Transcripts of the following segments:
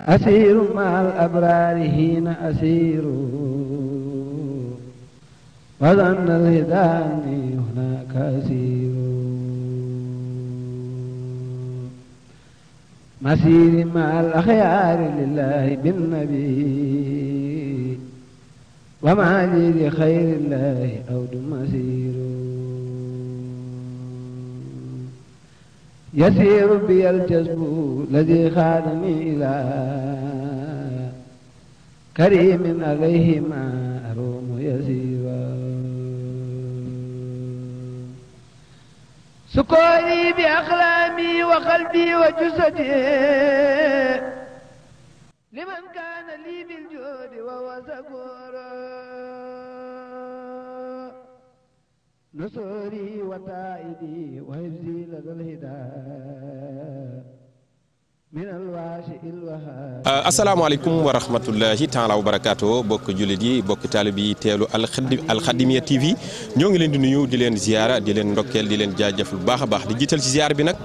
أسير مع الأبرار حين أسير وظن الهدان هناك أسير مسير مع الأخيار لله بالنبي ومعادي لخير الله أود مسير يسير بي الجزم الذي خانني إلى كريم عليهما أروم يسيرا سكوني بأخلامي وقلبي وجسدي لمن كان لي بالجود وهو سكور نصري وتائدي وهبزي لدى الهداء من الواشئ الوهاب asalaamaaleykum wa rahmatullahi taala wa barakaatu bokk jullit yi bokk taalib yi teelu alxadimiya TV ñoo ngi leen di nuyu di leen ziyaara di leen ndokkeel di leen jaajëf lu baax baax di jiital ci ziyaar bi nag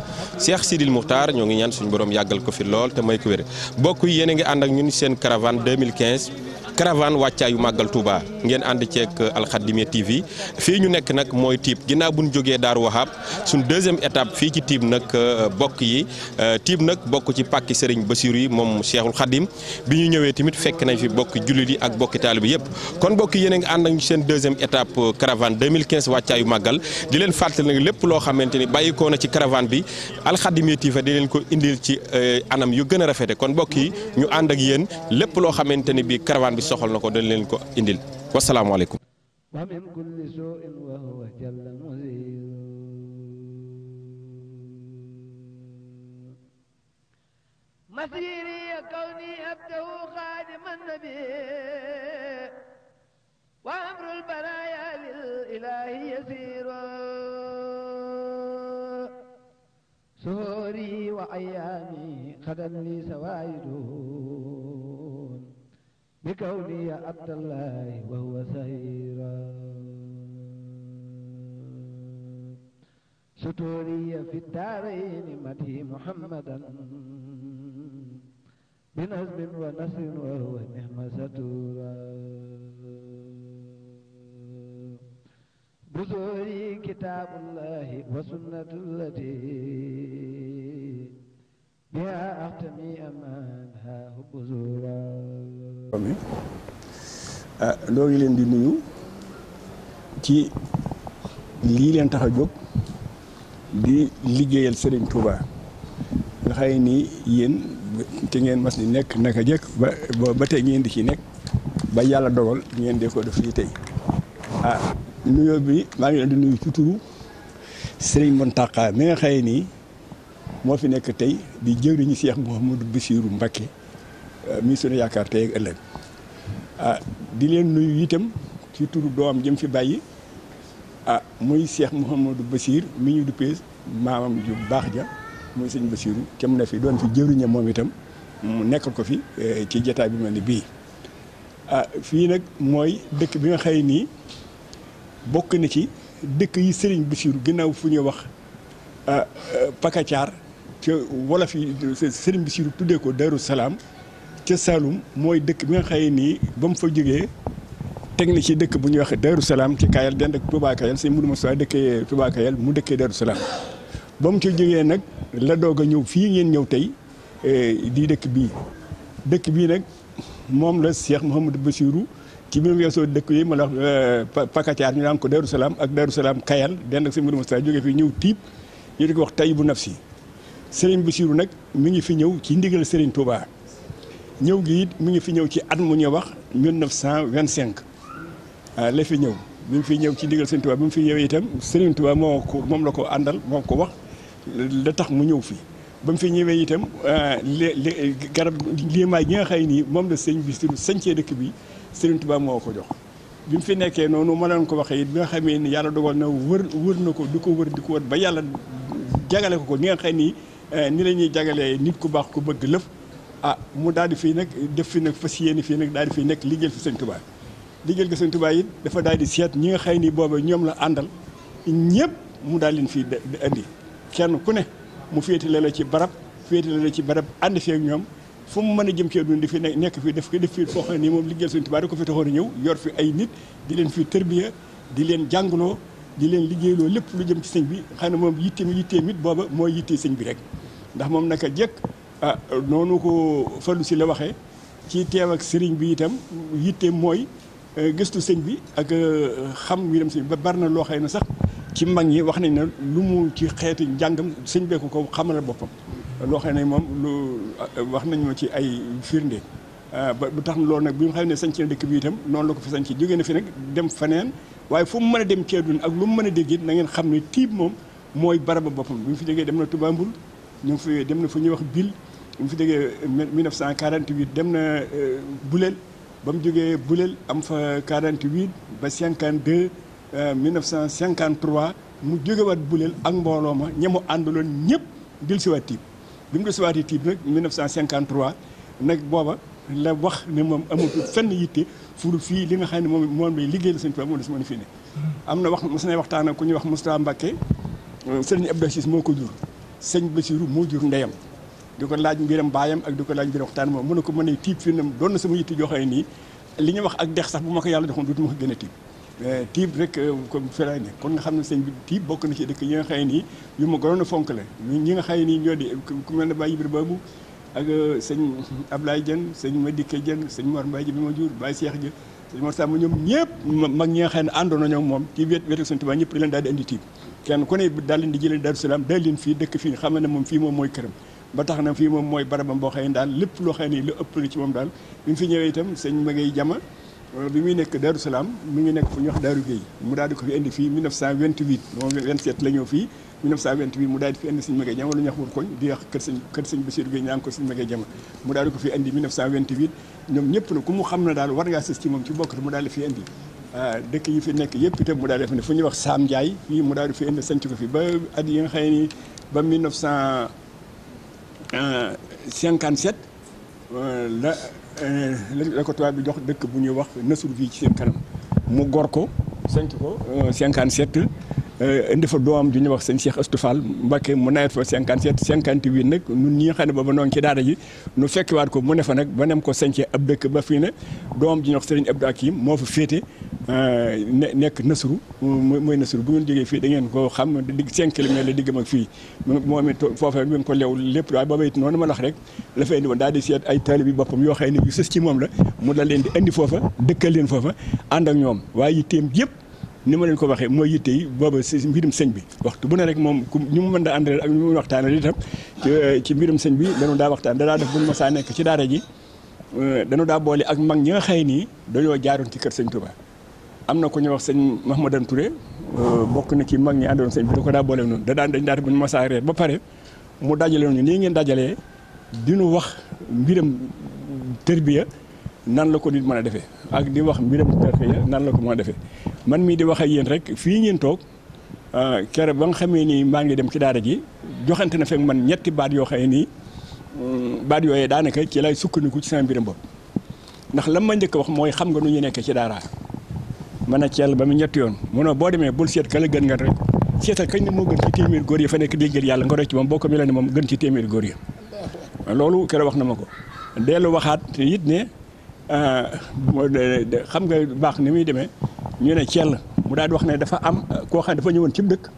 Cheikh Sidil Muxtaar ñoo ngi ñaan suñu borom yàggal ko fi lool te may ko wér bokk yi yéen a ngi ànd ak ñun seen caravane 2015. caravane wàccaayu màggal Touba ngeen ànd ceeg euh, Alxadimiya TV fii ñu nekk nag mooy Tiib ginnaaw bu ñu jógee Daaru Wahab suñ deuxième étape fii ci Tiib nag euh, bokk yi euh, Tiib nag bokk ci pàkki Serigne Bassirou yi moom Cheikhul Khadim bi ñu ñëwee tamit fekk nañ fi bokki julli yi ak bokki taalibe yëpp kon bokk yéen a ngi ànd nañu seen deuxième étape caravane 2015 wàccaayu màggal di leen fàttali nag lépp loo xamante ni bàyyikoo na ci caravane bi Alxadimiya TV di leen ko indil ci anam yu gën a rafete kon bokk yi ñu ànd ak soxal nako dañ leen ko indil wasalaamualeykum. مسيري كوني أبده خادم النبي وأمر البرايا للإله يسير سوري وأيامي خدم لي سوائده بكوني يا عبد الله وهو سهيرا ستوري في الدارين مدي محمدا بنزم ونسر وهو نعم ستورا بزوري كتاب الله وسنة التي noo ngi leen di nuyu ci lii leen tax a jóg di liggéeyal Serigne Touba nga xay ni yéen te ngeen mas ni nekk naka jëkk ba ba tey ngeen di ci nekk ba yàlla dogal ngeen dee ko def fii tey ah bi maa ngi leen di nuyu ci turu Serigne Mountakha mi nga xay nii moo fi nekk tey di jëwriñu Cheikh Mouhamadou Bassirou Mbacké euh, mi sunu yaakaar tey ak ëllëg ah di leen nuyu itam ci turu doom jëm fi bàyyi ah muy Cheikh Mouhamadou Bassir mi ñu duppee maamam ju baax ja muy sëñ Bassirou te mu ne fi doon fi jëwriñe moom itam mu nekkal ko fi euh, ci jataay bi mel ni bii ah fii nag mooy dëkk bi nga xëy nii bokk na ci dëkk yi sëriñ Bassirou ginnaaw fu ñuy wax ah, euh, pakacaar ولا في سيرم بيصير تودي كو دارو سلام تسالوم موي دك مين خايني بام فو جيغي تكني شي دك بني واخ دارو سلام تي كايل دي اندك توبا كايل سي مودو دك توبا كايل مو دك دارو سلام بام تي جيغي لا دوغا نيو في نين نيو تاي دي دك بي دك بي نك موم لا شيخ محمد بشيرو كي ميم ياسو دك يي مالا باكاتيار ني نان كو دارو سلام اك دارو كايل دي اندك سي مودو مسوا جيغي في نيو تيب يديك واخ نفسي Serigne Bassirou nag mi ngi fi ñëw ci ndigal Serigne Touba ñëw gi it mi ngi fi ñëw ci at mu ñuy wax 1925 ah la fi ñëw mi ngi fi ñëw ci ndigal Serigne Touba bi mu fi ñëwee itam Serigne Touba moo ko moom la ko àndal moo ko wax la tax mu ñëw fi ba mu fi ñëwee itam ah, li garab liimaay gi nga xëy nii moom la Serigne Bassirou sañcee dëkk bi Serigne Touba moo ko jox. bi mu fi nekkee noonu ma leen ko waxee it bi nga xamee ni yàlla dogal na wër wër na ko du ko wër di ko wër ba yàlla jagale ko ko ni nga xëy nii. Eh, ni la ñuy jagalee nit ku baax ku bëgg lëf ah mu daal di fii nag def fi nag fas yéene fii nag daal di fii nekk liggéeyal fi sëñ Tuubaa liggéeyal ko sëñ Tuubaa it dafa daal di seet ñi nga xay ni booba ñoom la àndal ñëpp mu daal leen fii indi kenn ku ne mu féetale la ci barab féetale la ci barab ànd fee ak ñoom fu mu mën a jëm ci dund di fi nekk fii def ko def fii foo xam nii moom liggéeyal sëñ Tuubaa da ko fi taxoon a ñëw yor fi ay nit di leen fi tërbiya di leen jàngloo di leen liggéeyloo lépp lu jëm ci sëñ bi xanaa moom yitteem yitteem it booba mooy yitte sëñ bi rek ndax moom naka jekk ah, noonu ko Fallou si la waxee ci teew ak sëriñ bi itam yitteem mooy eh, gëstu sëñ bi ak eh, xam mbiram sëñ ba bari na loo na sax ci mag ñi wax nañ ne lu mu ci xeeti njàngam sëñ bee ko ko xamal boppam loo xëy na moom eh, wax nañ ma ci ay firnde ba bu tax na loolu nag bi mu xam ne sañ ci dëkk bi itam noonu la ko fi sañ ci jóge na fi nag dem feneen waaye fu mu mën a dem ci àdduna ak lu mu mën a dégg na ngeen xam ne tiib moom mooy baraba boppam bi mu fi jegee dem na Touba Mboul ñu ngi fi dem na fu ñuy wax Bil bi mu fi jógee 1948 dem na euh, Boulel ba mu jógee buleel am fa 48 ba 52 1953 euh, mu jógewaat Boulel ak mbooloo ma ña mu àndaloon ñëpp dil siwaat tiib bi mu dil siwaatee tiib nag 1953 nag booba la wax ne moom amatul fenn yitte furu fii li nga xam ne moom moom lay liggéeyal Sëñ Tuubaa moom des mën fi ne mm-hmm. am na wax mos nay waxtaan ak ku ñuy wax Moustapha Mbacké euh, sëriñ Abdou Assis moo ko jur sëñ Bassirou moo jur ndeyam di ko laaj mbiram baayam ak di ko laaj mbiram waxtaan moom mu ne ko mën a tiib fii ne doon na sama yitte joxee nii li ñu wax ak dex sax bu ma ko yàlla joxoon duutu ma ko gën a tiib euh, tiib rek euh, comme felaay ne kon nga xam ne sëñ bi tiib bokk na ci dëkk yi nga xëy nii yu ma gënoon fonk la nga xëy nii ñoo di ku mel ne Baye Ibra Babou ak euh, sëñ Ablaye Dieng sëñ Madické Dieng sëñ Mor Mbaye ji bi ma jur Baye Cheikh Dieng sëñ Mor Samba ñoom ñëpp mag ñi nga xam ne àndoon nañoo moom ci wet wetu Sëñ Tuubaa ñëpp leen daal di indi tiib kenn ku ne daal leen di jëlee Daaru Salaam daal leen fii dëkk fii xam ne moom fii moom mooy këram ba tax na fii moom mooy barabam boo xëy daal lépp loo xëy ni lu ëpp lu ci moom daal bi mu fi ñëwee itam sëñ ma ngay jama euh, bi muy nekk Daaru Salaam ngi nekk fu ñuy wax Daaru Gueye mu daal di ko fi indi fii 1928 moom 27 la ñëw fii 1928 mu daal di fi indi suñu magay jama lu ñuy wax wur koñ di wax kër sëñ kër sëñ Bassirou Gueye ñaan ko suñu magay jama mu daal di ko fi indi 1928 ñoom ñëpp na ku mu xam na daal war ngaa sës ci moom ci bokkatu mu daal fi indi ah, dëkk yi fi nekk yëpp itam mu daal di def ne fu ñuy wax Sam Ndiaye fii mu daal di fi indi sanc ko fi ba at yi nga xëy ni ba 1957 euh, la euh, la ko tubaab bi jox dëkk bu ñuy wax Nassour fii ci seen kanam mu gor ko sanc ko 57 euh, indi fa doom ju ñu wax sëñ Cheikh Astou Fall Mbacké mu nawet fa 57 58 nag ñun ñi xane ba ba booba ci daara ji nu waat ko mu ne fa nag ba nem ko sañcee ab dëkk ba fii ne doom ju ñu wax sëriñ Abdou Akim moo fa féete ne nekk Nasru mooy Nasru bu ngeen jógee fii da ngeen ko xam digg 5 km la digg ak fii moom it foofee mi ko lew lépp waaye booba it noonu ma lax rek la fay indi ba daal di seet ay talibi yi boppam yoo xam ne yu sës ci moom la mu dal leen di indi foofa dëkkal leen foofa ànd ak ñoom waaye yitteem yëpp ni ma leen ko waxee mooy yitte yi booba si mbirum señ bi waxtu bu ne rek moom ñu mu mën a àndal ak ñu mu waxtaanal itam ci eh, mbirum sëñ bi dañu daa waxtaan danaa def bu ma saa nekk ci daara ji eh, dañu daa boole ak mag ñi nga xëy nii dañoo jaaroon ci kër sëñ Touba am na ko ñu wax sëñ Mahmadan Touré eh, bokk na ci mag ñi àndoon sëñ bi da ko daa boole noonu da daan dañ daa def bu ñu ma saa reer ba pare mu dajale ñu nii ngeen dajalee dinu wax mbiram tërbiya nan la ko nit mën a defee ak di wax mbiram nan la ko mën defee man mii di wax a yéen rek fii ngeen toog euh, kere ba nga xamee nii maa ngi dem ci daara ji joxante na fekk man ñetti baat yoo xamee nii mm, baat yooyee daanaka ci lay sukkandiku ci sama mbiram bopp ndax lan ma njëkk wax mooy xam nga nu ñu nekk ci daara man a ceel ba mu ñetti yoon munoo boo demee bul seet kala gën nga rek seetal kañ ne moo gën ci téeméer góor yi fa nekk di déggal yàlla nga rocc moom boo ko mel ne moom gën ci téeméer góor yi loolu kere wax na ma ko dellu waxaat it ne euh, xam nga baax ni muy demee ñu ne Thiel mu daal di wax ne dafa am euh, koo xam ne dafa ñëwoon cib dëkk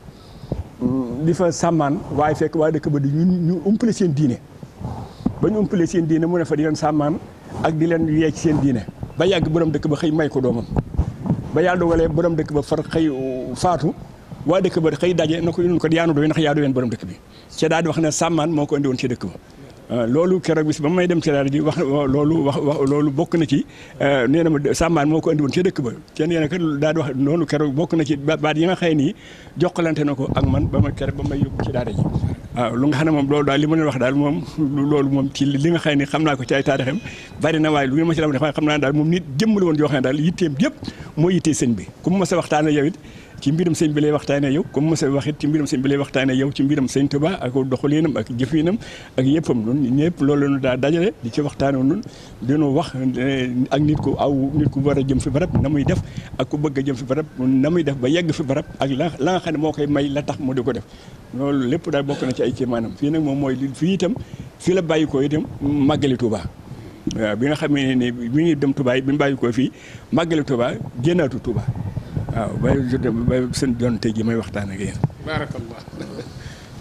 mm, di fa sàmmaan waaye fekk waa dëkk ba di ñu ñu umpale seen diine ba ñu umpale seen diine mu ne fa di leen sàmmaan ak di leen yeeg seen diine ba yàgg borom dëkk ba xëy may ko doomam ba yàlla dogalee borom dëkk ba far xëy euh, faatu waa dëkk ba xëy daje na ko ñu ko yaanu doy ndax yaa doyoon borom dëkk bi ca daal wax ne sàmmaan moo ko indi woon ci dëkk ba Euh, loolu keroog bis ba may dem ci rajo ji wax loolu wax wax loolu bokk na ci euh, nee na ma Sambane moo ko andi woon ca dëkk ba kenn nee na di wax noonu keroog bokk na ci baat yi nga xëy nii jokkalante na ko ak man ba ma keroog ba may yóbbu ci daara ji lu nga xam moom loolu daal li wax daal moom loolu moom ci li nga xëy ni xam naa ko ci ay bari na waaye lu ngeen ma ci xam naa daal moom nit jëmm la woon yoo xam ne daal yitteem yëpp moo yittee sëñ bi ku mu ma sa waxtaan yow it ci mbirum sëñ bi lay waxtaanee yow comme monsieur wax it ci mbiram sëñ bi lay waxtaanee yow ci mbiram sëñ Tuubaa ak doxalinam ak jëfinam ak yëppam noonu ñëpp loolu lañu daa dajale di ci waxtaanee noonu dinu wax eh, ak nit ko aw nit ku war a jëm fi barab na muy def ak ku bëgg a jëm fi barab na muy def ba yegg fi barab ak la la xam ne moo koy may la tax mu di ko def loolu lépp daal bokk na ci ay kii maanaam fii nag moom mooy fii tam fi la bàyyi ko itam màggali Tuubaa waaw bi nga xamee ne mi ngi dem Touba bi mu bàyyi ko fii màggali Touba génnaatu waaw bay judde bay seen donte ji may waxtaan ak yéen. baarakallah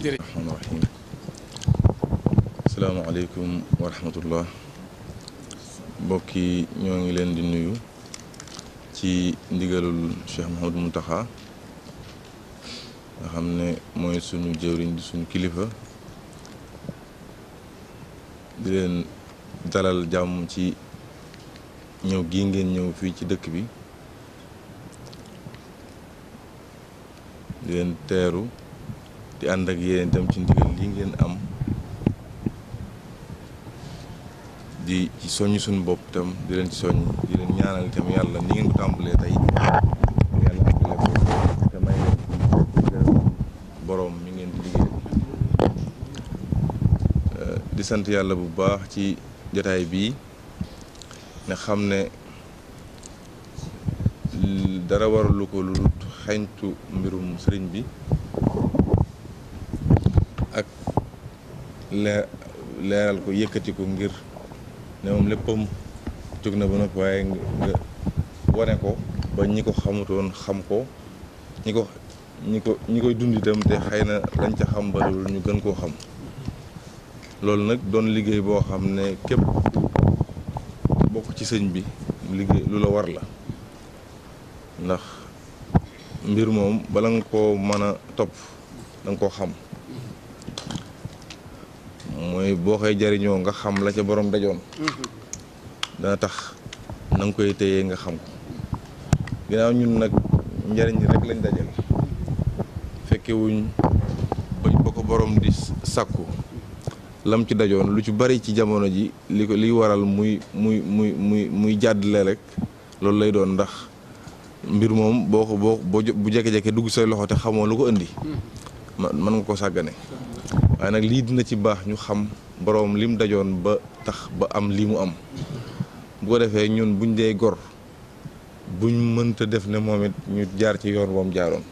jërëjëf. rahmaani rahiim. asalaamaaleykum wa rahmatullah mbokk yi ñoo ngi leen di nuyu ci ndigalul Cheikh Mouhamadou Mountakha nga xam ne mooy suñu jëwriñ di suñu kilifa di leen dalal jàmm ci ñëw gii ngeen ñëw fii ci dëkk bi. di leen teeru di ànd ak yéen itam ci ndigal li ngeen am di ci soññ suñu bopp itam di leen ci di leen ñaanal itam yàlla ni ngeen ko tàmbalee tey yàlla ko te may leen borom mi ngeen di liggéey eh, di sant yàlla bu baax ci jotaay bii ne xam ne dara waralu ko lu dut xeñtu mbirum sëriñ bi ak leeral ko yëkkati ko ngir ne moom léppam jóg na ba noppi waaye nga wane ko ba ñi ko xamutoon xam ko ñi ko ñi ko ñi koy dund itam te xëy na lañ ca xam bariwul ñu gën koo xam loolu nag doon liggéey boo xam ne képp bokk ci sëñ bi liggéey lu la war la ndax mbir moom balang ko mana top a ko da nga koo xam mooy boo koy jariñoo nga xam la ca borom dajoon dana tax na nga koy téyee nga xam ko ginnaaw ñun nag njariñ rek lañ dajal fekkewuñ bañ ko borom di sàkku lam ci dajoon lu ci bari ci jamono ji li waral muy muy muy muy muy jàddle rek loolu lay doon ndax mbir moom boo ko boo bu jékki-jékki dugg say loxo te xamoo lu ko indi hmm. mën nga ko sàggane waaye nag lii dina ci baax ñu xam boroom lim dajoon ba tax ba am lii mu am bu ko defee ñun buñ dee gor buñ mënta def ne moom it ñu jaar ci yoon woom jaaroon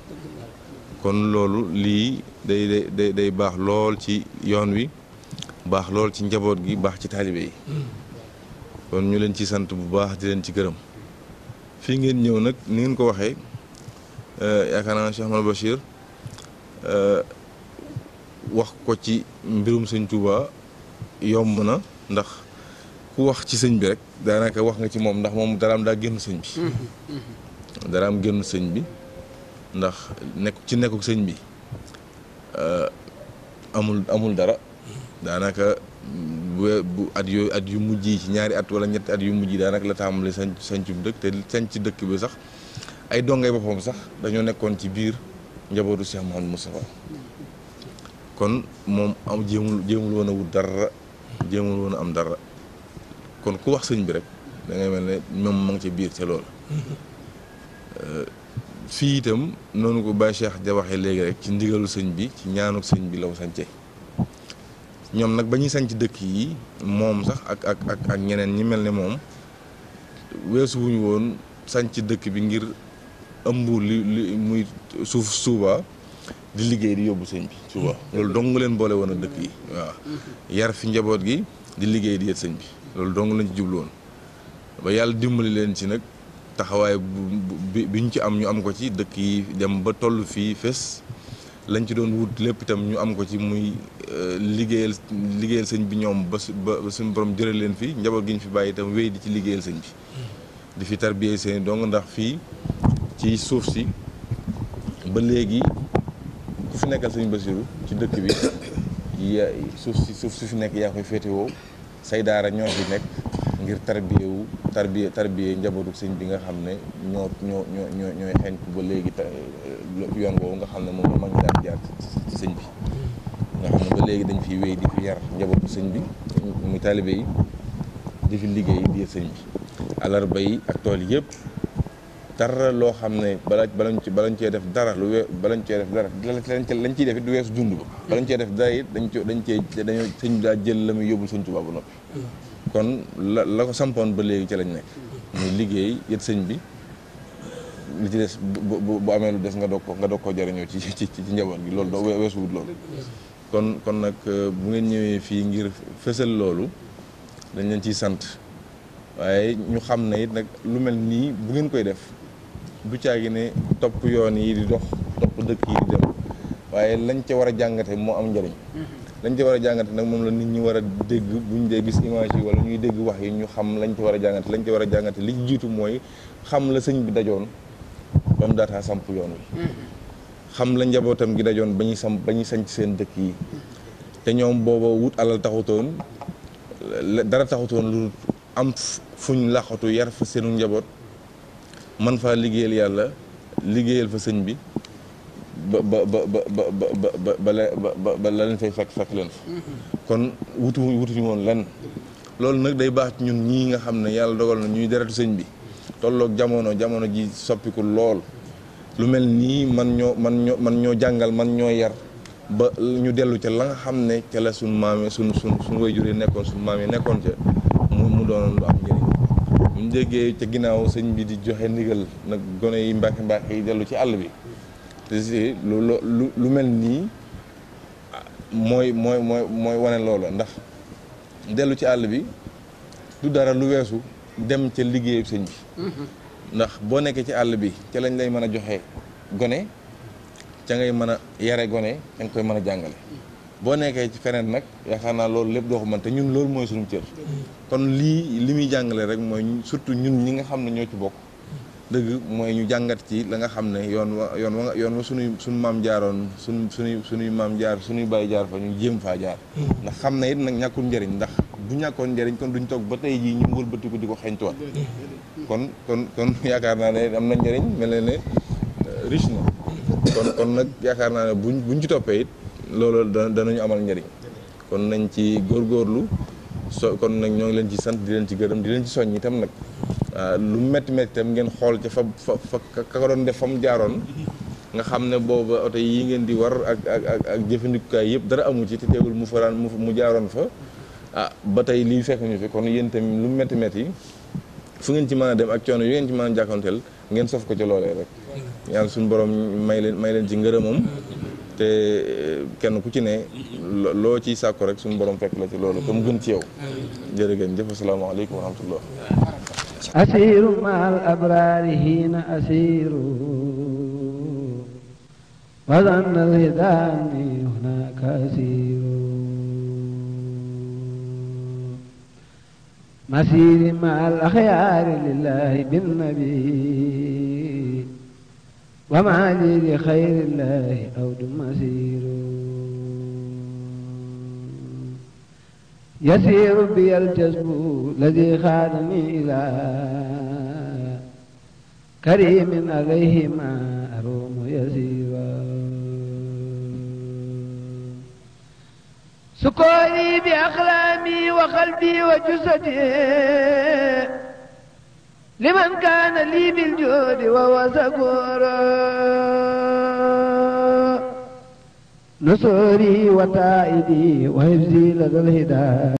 kon loolu lii day day day baax lool ci yoon wi baax lool ci njaboot gi baax ci taalibe yi hmm. kon ñu leen ci sant bu baax di leen ci gërëm fii ngeen ñëw nag ni ngeen ko waxee eh, yaakaar naa Cheikh Mal Bachir eh, wax ko ci mbirum sëñ Touba yomb na ndax ku wax ci sëñ bi rek daanaka wax nga ci moom ndax moom daraam daa génn sëñ bi mm-hmm, mm-hmm. am génn sëñ bi ndax nekk ci nekkuk sëñ bi eh, amul amul dara mm-hmm. daanaka bu at yooyu at yu mujj yi ci ñaari at wala ñetti at yu mujj yi daanaka la tàmbali sañ sañcum dëkk te sañc dëkk bi sax ay dongay boppam sax dañoo nekkoon ci biir njabootu Cheikh Mouhamadou Moustapha kon moom am jéemul jéemul woon a wut dara jéemul woon a am dara kon ku wax sëñ bi rek da mel ne moom ma ngi ci biir ca loolu fii itam noonu ko Baye Cheikh ja waxee léegi rek ci ndigalu sëñ bi ci ñaanu sëñ bi law sañce ñoom nag ba ñuy sañ dëkk yi moom sax ak ak ak ñeneen ñi mel ni moom weesuwuñu woon sañ dëkk bi ngir ëmb li li muy suuf suuba di liggéey di yóbbu sëñ bi suuba loolu dong leen boole woon dëkk yi waaw njaboot gi di liggéey di yët sëñ bi loolu dong ci jublu ba yàlla dimbali leen ci nag taxawaay bu bi ñu ci am ñu am ko ci dëkk yi dem ba toll fii fes lañ ci doon wut lépp itam ñu am ko ci muy Euh, liggéeyal liggéeyal sëñ bi ñoom ba su ba suñu borom jëlee leen fii njaboot gi ñu fi bàyyi itam wéy di ci liggéeyal sëñ bi. Hmm. di fi tarbiyee seen dong ndax fii ci suuf si ba léegi ku fi nekkal sëñ ci dëkk bi yaa suuf si suuf si fi nekk yaa koy féetewoo say daara ñoo fi nekk ngir tarbiye wu tarbiye tarbiye njabootu sëñ bi nga xam ne ñoo ñoo ñoo ñooy xeeñ ba léegi euh, yoon nga xam ne moom la mag ñi daan jaar ci sëñ bi. nga xam ne ba léegi dañ fiy wéy di fi yar njabootu sëñ bi muy taalibe yi di fi liggéey biir sëñ bi àllarba yi ak tool yëpp dara loo xam ne bala balañ ci balañ cee def dara lu we balañ cee def dara lañ ciy def du weesu dund ba cee def dara it dañ ci dañ cee dañoo sëñ bi daa jël la muy yóbbul sëñ Tuubaa ba noppi kon la la ko sampoon ba léegi ci lañ nekk muy liggéey yët sëñ bi lu ci des bu bu amee lu des nga doog ko nga doog koo jariñoo ci ci ci njaboot bi loolu doo weesuwut loolu kon kon nag euh, bu ngeen ñëwee fii ngir fësal loolu dañ leen ciy sant waaye ñu xam ne it nag lu mel nii bu ngeen koy def du caagi ne topp yoon yi di dox topp dëkk yi di dem waaye lañ ca war a jàngate moo am njëriñ mm-hmm. lañ ca war a jàngate nag moom la nit ñi war a dégg buñ dee gis image yi wala ñuy dégg wax yi ñu xam lañ ca war a jàngate lañ ca war a jàngate li jiitu mooy xam la sëñ bi dajoon ba mu samp yoon xam la njabootam gi dajoon ba ñuy sam ba ñuy sanc seen dëkk yi te ñoom booba wut alal taxutoon dara taxutoon lu am fuñ laxatu yar fa seenu njaboot man faa liggéeyal yàlla liggéeyal fa sëñ bi ba ba ba ba ba ba ba ba la leen fay fekk fekk leen kon wutu wutuñu woon lenn loolu nag day baax ñun ñii nga xam ne yàlla dogal na ñuy deretu sëñ bi tolloog jamono jamono ji soppiku lool lu mel nii man ñoo man ñoo ñoo jàngal man ñoo yar ba ñu dellu ca la nga xam ne ca la suñ maami suñ suñ suñ waajur nekkoon suñ maam yi nekkoon ca mu mu doonoon lu am njëriñ bu ñu ca ginnaaw sëñ bi di joxe ndigal nag gone yi mbaaxi mbaaxi yi dellu ci àll bi te si lu mel nii mooy mooy mooy mooy wane loolu ndax dellu ci àll bi du dara lu weesu dem ca liggéeyu sëñ bi mm-hmm. ndax boo nekkee ci àll bi ca lañ lay mën a joxe gone ca ngay mën a yare gone ca nga koy mën a jàngale boo nekkee ci feneen nag yaakaar naa loolu lépp doo ko mën te ñun loolu mooy suñu cër kon lii li muy jàngale rek mooy surtout ñun ñi nga xam ne ñoo ci bokk dëgg mooy ñu jàngat ci la nga xam ne yoon wa yoon wa yoon suñuy suñu maam jaaroon suñu suñuy suñuy maam jaar suñuy bàyyi jaar fa ñu jéem faa jaar hmm. ndax xam na it nag ñàkkul njëriñ ndax bu ñàkkoon njëriñ kon duñ toog ba tey jii ñu ngi wëlbatiku di ko xeeñtuwaat kon kon kon yaakaar naa ne am na njëriñ mel ne ne euh, riche na kon kon nag yaakaar naa ne buñ buñ ci toppee it loolu danañu amal njëriñ kon nañ ci góor góorlu so kon nag ñoo ngi leen ci sant di leen ci gërëm di leen ci soññ itam nag euh, lu métti métti itam ngeen xool ca fa fa fa def fa mu jaaroon nga xam ne booba oto yi ngeen di war ak ak ak jëfandikukaay yëpp dara amu ci te teewul mu faraan mu jaaroon fa ah ba tey lii fekk ñu fi kon yéen tamit lu métti métti fu ngeen ci mën a dem ak coono yu ngeen ci mën a ngeen sof ko ci loolee rek yàlla suñu borom may leen may leen ci ngërëmam te eh, kenn ku ci ne loo ciy sàkku rek suñ borom fekk la ci loolu comme gën ci yow jërë ngeen jëf asalaamaaleykum wa rahmatullah asiru maal abraari hiina asiru wa zanna lidaani hunaka asiru مسير مع الأخيار لله بالنبي ومع لي لخير الله أود مسير يسير بي الجذب الذي خادني إلى كريم عليهما سكوني بأقلامي وقلبي وجسدي لمن كان لي بالجود وهو سكور نصري وتائدي وحفظي لدى الهداية